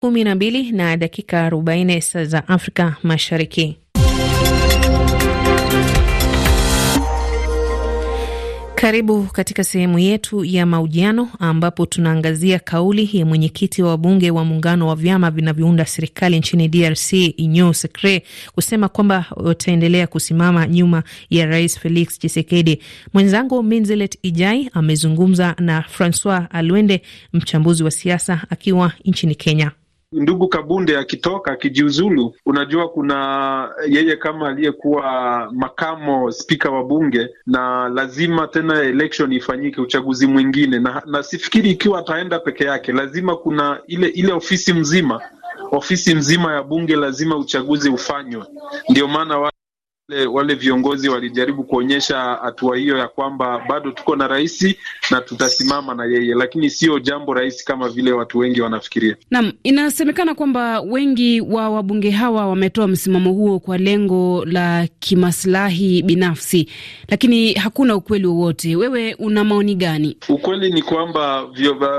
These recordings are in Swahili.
kumi na mbili na dakika arobaini saa za Afrika Mashariki. Karibu katika sehemu yetu ya mahojiano ambapo tunaangazia kauli ya mwenyekiti wa bunge wa muungano wa vyama vinavyounda serikali nchini DRC Inyo Sekre kusema kwamba wataendelea kusimama nyuma ya Rais Felix chisekedi Mwenzangu Minzelet Ijai amezungumza na Francois Alwende, mchambuzi wa siasa akiwa nchini Kenya ndugu Kabunde akitoka akijiuzulu, unajua kuna yeye kama aliyekuwa makamo spika wa bunge, na lazima tena election ifanyike, uchaguzi mwingine, na, na sifikiri ikiwa ataenda peke yake, lazima kuna ile ile ofisi mzima ofisi mzima ya bunge, lazima uchaguzi ufanywe, ndio maana wa wale viongozi walijaribu kuonyesha hatua hiyo ya kwamba bado tuko na rais na tutasimama na yeye, lakini sio jambo rahisi kama vile watu wengi wanafikiria. Naam, inasemekana kwamba wengi wa wabunge hawa wametoa msimamo huo kwa lengo la kimaslahi binafsi, lakini hakuna ukweli wowote. Wewe una maoni gani? Ukweli ni kwamba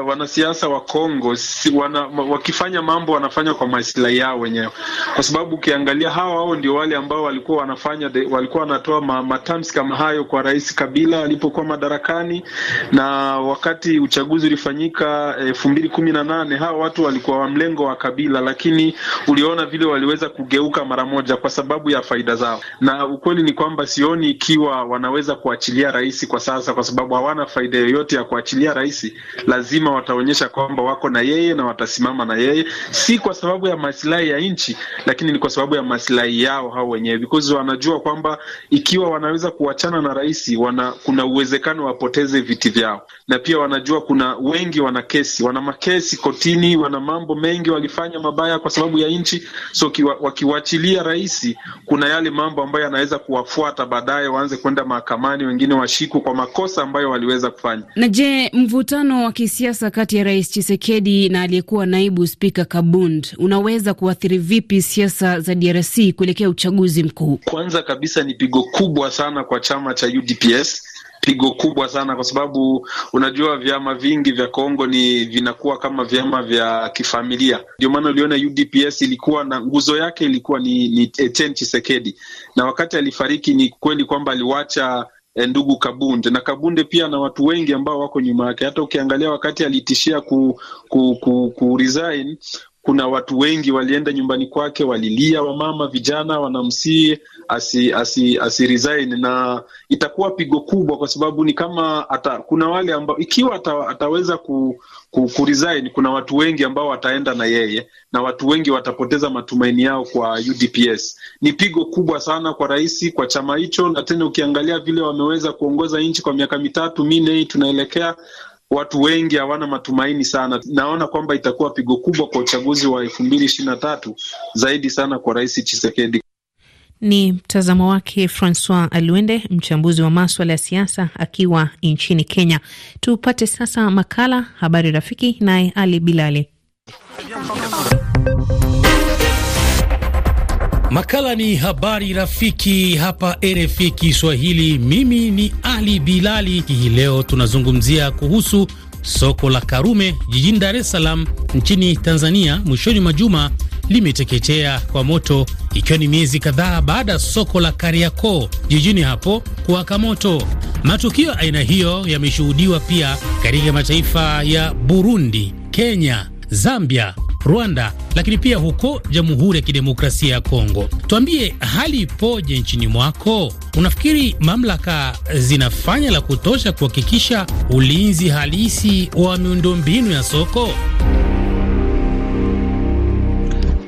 wanasiasa wa Kongo si, wana, wakifanya mambo wanafanya kwa maslahi yao wenyewe, kwa sababu ukiangalia hawa hao ndio wale ambao walikuwa wanafanya wanafanya de, walikuwa wanatoa matamsi kama hayo kwa Rais Kabila alipokuwa madarakani, na wakati uchaguzi ulifanyika elfu mbili kumi na nane hawa watu walikuwa wa mlengo wa Kabila, lakini uliona vile waliweza kugeuka mara moja kwa sababu ya faida zao, na ukweli ni kwamba sioni ikiwa wanaweza kuachilia rais kwa sasa, kwa sababu hawana faida yoyote ya kuachilia rais. Lazima wataonyesha kwamba wako na yeye na watasimama na yeye, si kwa sababu ya masilahi ya nchi, lakini ni kwa sababu ya masilahi yao hao wenyewe because wanajua wanajua kwamba ikiwa wanaweza kuachana na rais wana, kuna uwezekano wapoteze viti vyao, na pia wanajua kuna wengi wana kesi, wana makesi kotini, wana mambo mengi walifanya mabaya kwa sababu ya nchi. So wakiwachilia rais, kuna yale mambo ambayo yanaweza kuwafuata baadaye, waanze kwenda mahakamani, wengine washiku kwa makosa ambayo waliweza kufanya. Na je, mvutano wa kisiasa kati ya rais Chisekedi na aliyekuwa naibu spika Kabund unaweza kuathiri vipi siasa za DRC kuelekea uchaguzi mkuu? Kwanza kwanza kabisa ni pigo kubwa sana kwa chama cha UDPS, pigo kubwa sana kwa sababu unajua vyama vingi vya Kongo ni vinakuwa kama vyama vya kifamilia. Ndio maana uliona UDPS ilikuwa na nguzo yake ilikuwa ni, ni Etienne Tshisekedi, na wakati alifariki ni kweli kwamba aliwacha eh, ndugu Kabunde na Kabunde pia na watu wengi ambao wako nyuma yake. Hata ukiangalia wakati alitishia ku, ku, ku, ku resign, kuna watu wengi walienda nyumbani kwake, walilia, wamama, vijana wanamsii asi, asi, asi resign, na itakuwa pigo kubwa, kwa sababu ni kama ata, kuna wale ambao ikiwa ata, ataweza ku, ku, ku resign, kuna watu wengi ambao wataenda na yeye na watu wengi watapoteza matumaini yao kwa UDPS. Ni pigo kubwa sana kwa rais, kwa chama hicho, na tena ukiangalia vile wameweza kuongoza nchi kwa miaka mitatu minne hii tunaelekea watu wengi hawana matumaini sana. Naona kwamba itakuwa pigo kubwa kwa uchaguzi wa elfu mbili ishirini na tatu zaidi sana kwa Rais Chisekedi. Ni mtazamo wake Francois Alwende, mchambuzi wa maswala ya siasa akiwa nchini Kenya. Tupate sasa makala Habari Rafiki, naye Ali Bilali. Makala ni habari rafiki, hapa RFI Kiswahili. Mimi ni Ali Bilali. Hii leo tunazungumzia kuhusu soko la Karume jijini Dar es Salaam nchini Tanzania, mwishoni mwa juma limeteketea kwa moto, ikiwa ni miezi kadhaa baada ya soko la Kariakoo jijini hapo kuwaka moto. Matukio aina hiyo yameshuhudiwa pia katika mataifa ya Burundi, Kenya, Zambia, Rwanda, lakini pia huko Jamhuri ya Kidemokrasia ya Kongo. Tuambie hali ipoje nchini mwako? Unafikiri mamlaka zinafanya la kutosha kuhakikisha ulinzi halisi wa miundombinu ya soko?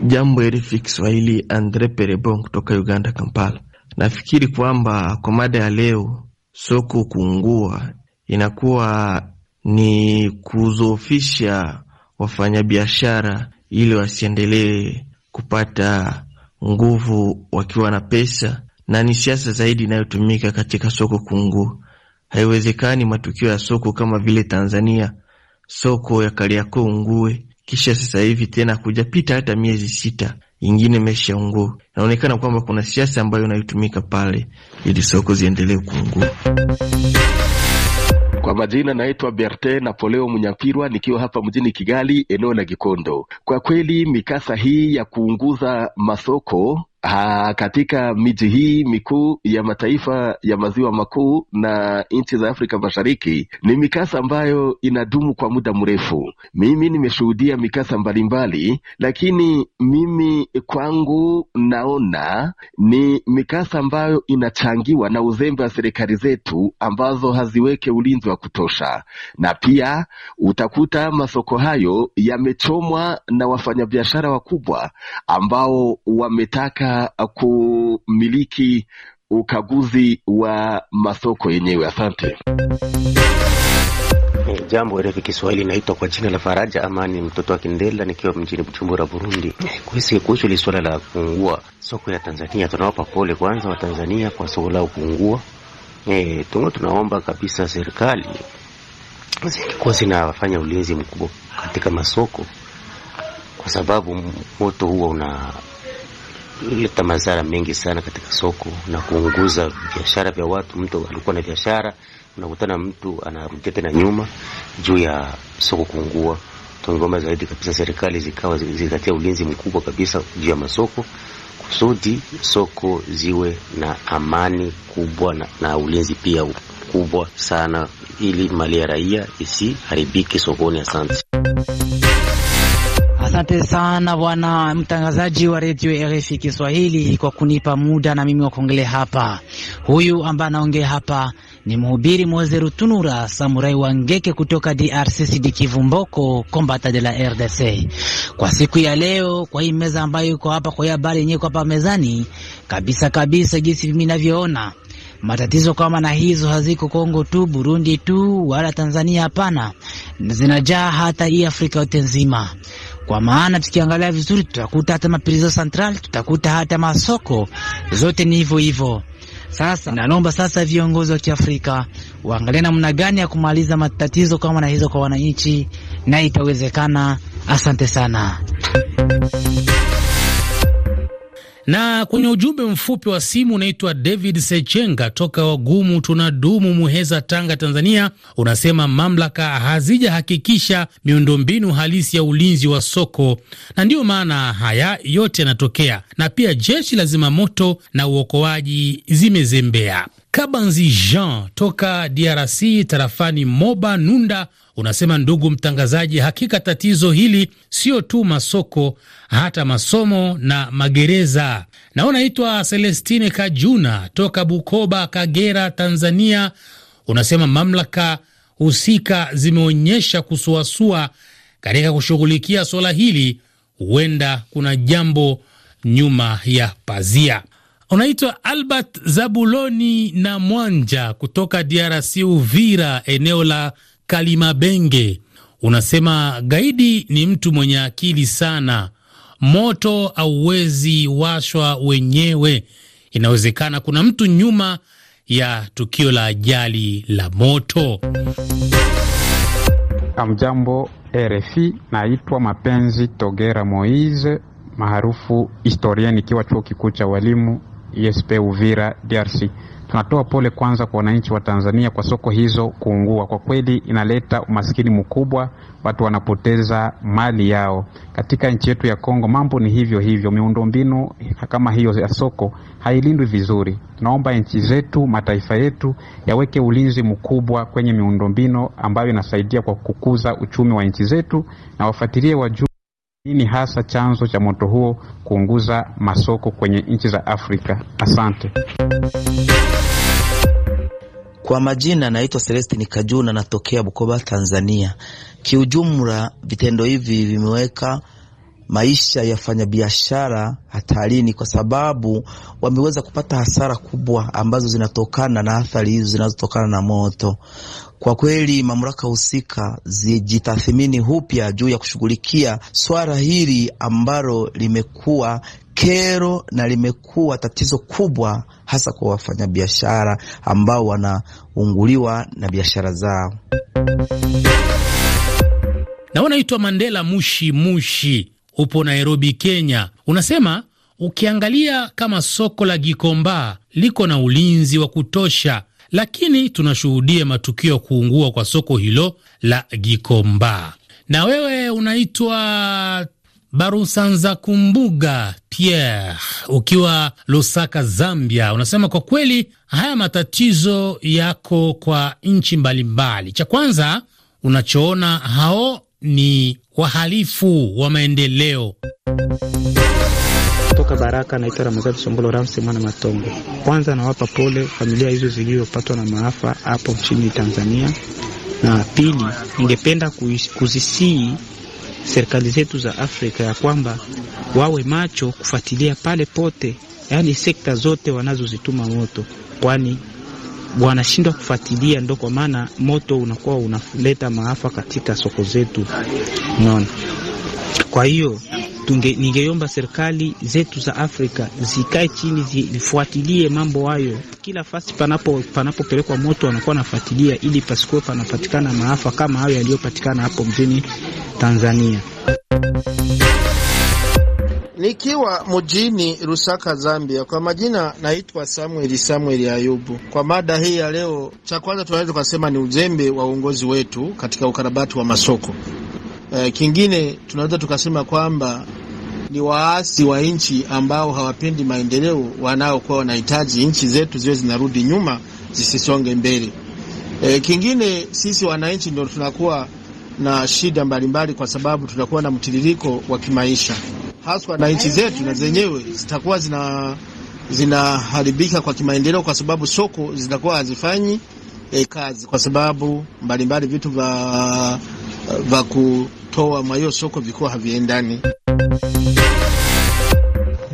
Jambo RFI Kiswahili, Andre Perebon kutoka Uganda, Kampala. Nafikiri kwamba kwa mada ya leo, soko kuungua inakuwa ni kuzofisha wafanyabiashara ili wasiendelee kupata nguvu wakiwa na pesa, na ni siasa zaidi inayotumika katika soko kunguu. Haiwezekani matukio ya soko kama vile Tanzania, soko ya Kariakoo ungue, kisha sasa hivi tena kujapita hata miezi sita ingine mesha ungue. Inaonekana kwamba kuna siasa ambayo inayotumika pale ili soko ziendelee kuungua. Kwa majina naitwa berte Napoleo Munyapirwa, nikiwa hapa mjini Kigali, eneo la Gikondo. Kwa kweli mikasa hii ya kuunguza masoko Ha, katika miji hii mikuu ya mataifa ya maziwa makuu na nchi za Afrika Mashariki ni mikasa ambayo inadumu kwa muda mrefu. Mimi nimeshuhudia mikasa mbalimbali, lakini mimi kwangu naona ni mikasa ambayo inachangiwa na uzembe wa serikali zetu ambazo haziweke ulinzi wa kutosha, na pia utakuta masoko hayo yamechomwa na wafanyabiashara wakubwa ambao wametaka kumiliki ukaguzi wa masoko yenyewe. Asante. Eh, jambo refu Kiswahili, naitwa kwa jina la Faraja Amani, mtoto wa Kindela, nikiwa mjini Bujumbura, Burundi. Kuhusu li suala la kuungua soko ya Tanzania, tunawapa pole kwanza Watanzania kwa soko lao kuungua E, eh, tungo tunaomba kabisa serikali zilikuwa zinafanya ulinzi mkubwa katika masoko, kwa sababu moto huwa una ilileta madhara mengi sana katika soko na kuunguza biashara vya watu. Mtu alikuwa na biashara, unakutana mtu anarudia tena nyuma juu ya soko kuungua. Tungomba zaidi kabisa serikali zikawa zikatia ulinzi mkubwa kabisa juu ya masoko kusudi soko ziwe na amani kubwa na, na ulinzi pia kubwa sana, ili mali ya raia isiharibike sokoni. Asante. Asante sana bwana mtangazaji wa redio RFI Kiswahili kwa kunipa muda na mimi wa kuongelea hapa. Huyu ambaye anaongea hapa ni mhubiri Mwozeru Rutunura Samurai wa Ngeke kutoka DRC CD Kivu Mboko, Kombata de la RDC. Kwa siku ya leo, kwa hii meza ambayo iko hapa, kwa hii habari yenyewe iko hapa mezani kabisa kabisa, jinsi mimi ninavyoona matatizo kama na hizo haziko Kongo tu, Burundi tu, wala Tanzania, hapana, zinajaa hata hii Afrika yote nzima kwa maana tukiangalia vizuri tutakuta hata maprizo central, tutakuta hata masoko zote ni hivyo hivyo. Sasa naomba sasa viongozi wa Kiafrika waangalie namna gani ya kumaliza matatizo kama na hizo kwa wananchi, na itawezekana. Asante sana. Na kwenye ujumbe mfupi wa simu unaitwa David Sechenga toka wagumu tunadumu Muheza, Tanga, Tanzania, unasema mamlaka hazijahakikisha miundombinu halisi ya ulinzi wa soko, na ndiyo maana haya yote yanatokea, na pia jeshi la zimamoto na uokoaji zimezembea. Kabanzi Jean toka DRC tarafani Moba Nunda unasema, ndugu mtangazaji, hakika tatizo hili sio tu masoko, hata masomo na magereza. Naona itwa Celestine Kajuna toka Bukoba, Kagera, Tanzania, unasema mamlaka husika zimeonyesha kusuasua katika kushughulikia suala hili, huenda kuna jambo nyuma ya pazia. Unaitwa Albert Zabuloni na Mwanja kutoka DRC, Uvira, eneo la Kalimabenge. Unasema gaidi ni mtu mwenye akili sana, moto hauwezi washwa wenyewe. Inawezekana kuna mtu nyuma ya tukio la ajali la moto. Amjambo RFI, naitwa Mapenzi Togera Moise maarufu historia, nikiwa chuo kikuu cha walimu ISP e Uvira DRC. Tunatoa pole kwanza kwa wananchi wa Tanzania kwa soko hizo kuungua. Kwa kweli inaleta umaskini mkubwa, watu wanapoteza mali yao. Katika nchi yetu ya Kongo mambo ni hivyo hivyo, miundombinu kama hiyo ya soko hailindwi vizuri. Tunaomba nchi zetu, mataifa yetu yaweke ulinzi mkubwa kwenye miundombinu ambayo inasaidia kwa kukuza uchumi wa nchi zetu, na wafuatilie wajuu nini hasa chanzo cha moto huo kuunguza masoko kwenye nchi za Afrika? Asante. Kwa majina naitwa Celestini Kajuna, natokea Bukoba, Tanzania. Kiujumla vitendo hivi vimeweka maisha ya wafanyabiashara hatarini, kwa sababu wameweza kupata hasara kubwa ambazo zinatokana na athari hizo zinazotokana na moto. Kwa kweli mamlaka husika zijitathmini upya juu ya kushughulikia swala hili ambalo limekuwa kero na limekuwa tatizo kubwa hasa kwa wafanyabiashara ambao wanaunguliwa na biashara zao. Na wanaitwa Mandela Mushi Mushi upo Nairobi, Kenya. Unasema ukiangalia kama soko la Gikomba liko na ulinzi wa kutosha, lakini tunashuhudia matukio ya kuungua kwa soko hilo la Gikomba. Na wewe unaitwa Barusanza Kumbuga Pierre ukiwa Lusaka, Zambia, unasema kwa kweli haya matatizo yako kwa nchi mbalimbali. Cha kwanza unachoona hao ni wahalifu wa maendeleo. Toka Baraka, naitwa Ramazani Sombolo Ramsi mwana Matongo. Kwanza nawapa pole familia hizo zilizopatwa na maafa hapo nchini Tanzania, na pili, ningependa kuzisii serikali zetu za Afrika ya kwamba wawe macho kufuatilia pale pote, yaani sekta zote wanazozituma moto, kwani wanashindwa kufuatilia, ndo kwa maana moto unakuwa unaleta maafa katika soko zetu, unaona. Kwa hiyo ningeomba serikali zetu za Afrika zikae chini zifuatilie mambo hayo. Kila fasi panapo panapopelekwa moto wanakuwa nafuatilia, ili pasikuwe panapatikana maafa kama hayo yaliyopatikana hapo mjini Tanzania. Nikiwa mjini Lusaka, Zambia. Kwa majina naitwa samweli samweli Ayubu. Kwa mada hii ya leo, cha kwanza tunaweza tukasema ni uzembe wa uongozi wetu katika ukarabati wa masoko. E, kingine tunaweza tukasema kwamba ni waasi wa nchi ambao hawapendi maendeleo wanaokuwa wanahitaji nchi zetu ziwe zinarudi nyuma zisisonge mbele. E, kingine sisi wananchi ndio tunakuwa na shida mbalimbali mbali, kwa sababu tunakuwa na mtiririko wa kimaisha haswa na nchi zetu na zenyewe zitakuwa zina zinaharibika kwa kimaendeleo, kwa sababu soko zitakuwa hazifanyi e, kazi kwa sababu mbalimbali vitu vya kutoa mwa hiyo soko vikuwa haviendani.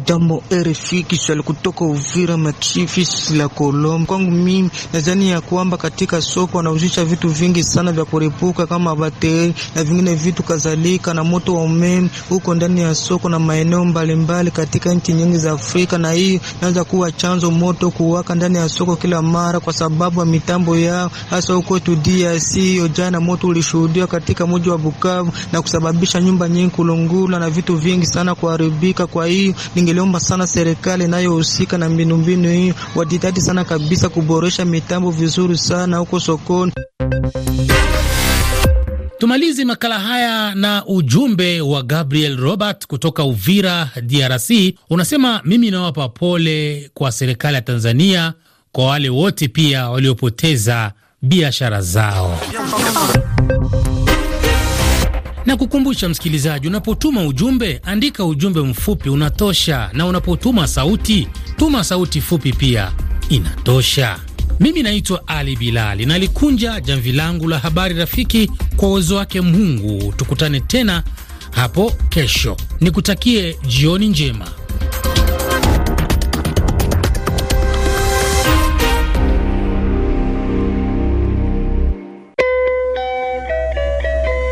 Jambo RFI Kiswahili kutoka Uvira, machifi la Kolombo. Kwangu mimi nadhani ya kwamba katika soko wanauzisha vitu vingi sana vya kuripuka kama bateri na vingine vitu kadhalika, na moto wa umeme huko ndani ya soko na maeneo mbalimbali katika nchi nyingi za Afrika, na hii inaweza kuwa chanzo moto kuwaka ndani ya soko kila mara kwa sababu ya mitambo yao, hasa huko tu DRC. Hiyo jana moto ulishuhudiwa katika mji wa Bukavu na kusababisha nyumba nyingi kulungula na vitu vingi sana kuharibika. Kwa hiyo ninge waliomba sana serikali inayohusika na mbinu hii wajitahidi sana kabisa kuboresha mitambo vizuri sana huko sokoni. tumalizi makala haya na ujumbe wa Gabriel Robert kutoka Uvira, DRC. Unasema, mimi nawapa pole kwa serikali ya Tanzania kwa wale wote pia waliopoteza biashara zao na kukumbusha msikilizaji, unapotuma ujumbe andika ujumbe mfupi unatosha, na unapotuma sauti tuma sauti fupi pia inatosha. Mimi naitwa Ali Bilali nalikunja jamvi langu la habari rafiki kwa uwezo wake Mungu. Tukutane tena hapo kesho, nikutakie jioni njema.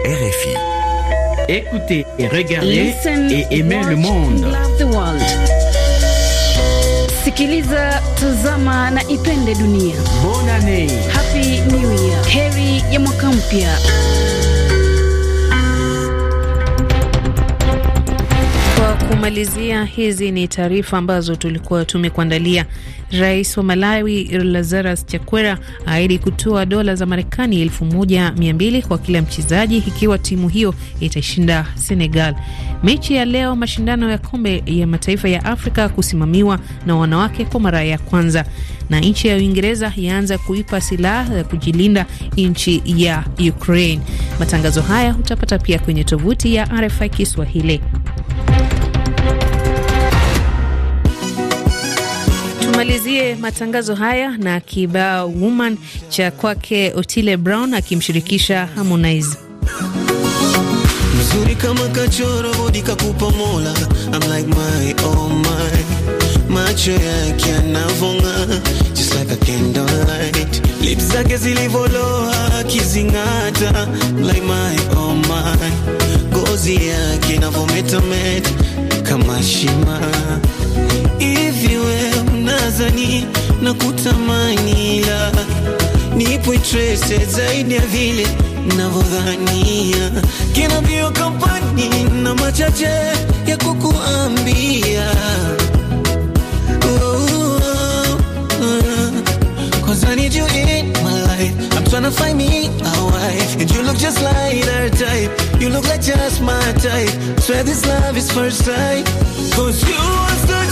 RFI Écoutez et regardez Listen, et aimez watch, le monde. Sikiliza, tazama na ipende dunia. Bonne année. Happy New Year. Heri ya mwaka mpya. Kwa kumalizia, hizi ni taarifa ambazo tulikuwa tumekuandalia. Rais wa Malawi Lazarus Chakwera aahidi kutoa dola za Marekani elfu moja mia mbili kwa kila mchezaji ikiwa timu hiyo itashinda Senegal. Mechi ya leo mashindano ya kombe ya mataifa ya Afrika kusimamiwa na wanawake kwa mara ya kwanza, na nchi ya Uingereza yaanza kuipa silaha ya kujilinda nchi ya Ukraine. Matangazo haya utapata pia kwenye tovuti ya RFI Kiswahili. Tumalizie matangazo haya na kibao woman cha kwake Otile Brown akimshirikisha Harmonize. Mzuri kama kachoro hodi kakupa mola, I'm like my oh my, macho yake yanavonga just like a candlelight, lips zake zilivoloa akizingata, like my oh my, gozi yake inavometameta kama shima nazani na kutamani, ila nipo trese zaidi ya vile navyodhania, kinavyo kampani na machache ya kukuambia oh, oh. Cause you are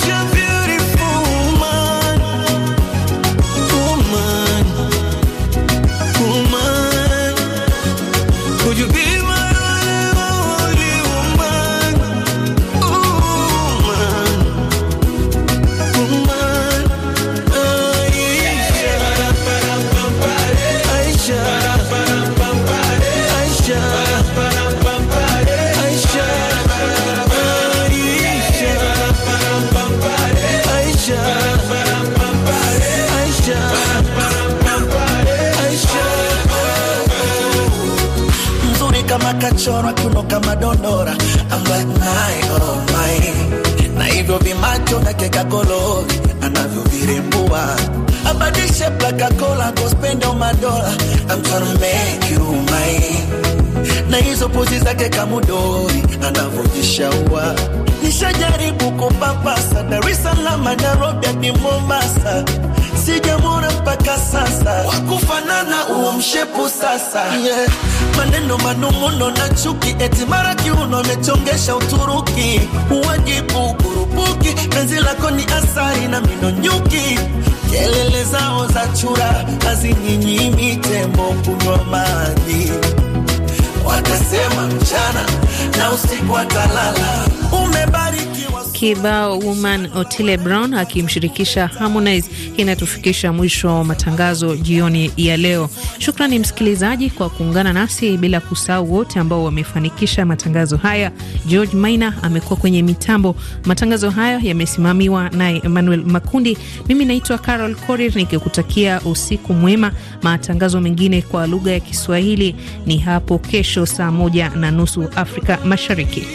akachorwa kiuno kama dondora na hivyo vimacho na keka kolori anavyovirembua abadishe plaka kola kospendo madola amtarmekirumai na hizo pozi zake kamudori anavyojishaua nishajaribu kupapasa Dar es Salaam, Nairobi hadi Mombasa sijamwona mpaka sasa, wakufanana uomshepu sasa, yeah. Maneno manung'uno na chuki, eti mara kiuno amechongesha Uturuki, uwajibu kurupuki, penzi lako ni asari na mino nyuki, kelele zao za chura hazinyinyi tembo kunywa maji, watasema mchana na usiku watalala kibao woman Otile Brown akimshirikisha Harmonize kinatufikisha mwisho wa matangazo jioni ya leo. Shukrani msikilizaji kwa kuungana nasi, bila kusahau wote ambao wamefanikisha matangazo haya. George Maina amekuwa kwenye mitambo. Matangazo hayo yamesimamiwa naye Emmanuel Makundi. Mimi naitwa Carol Korir nikikutakia usiku mwema. Matangazo mengine kwa lugha ya Kiswahili ni hapo kesho saa moja na nusu Afrika Mashariki.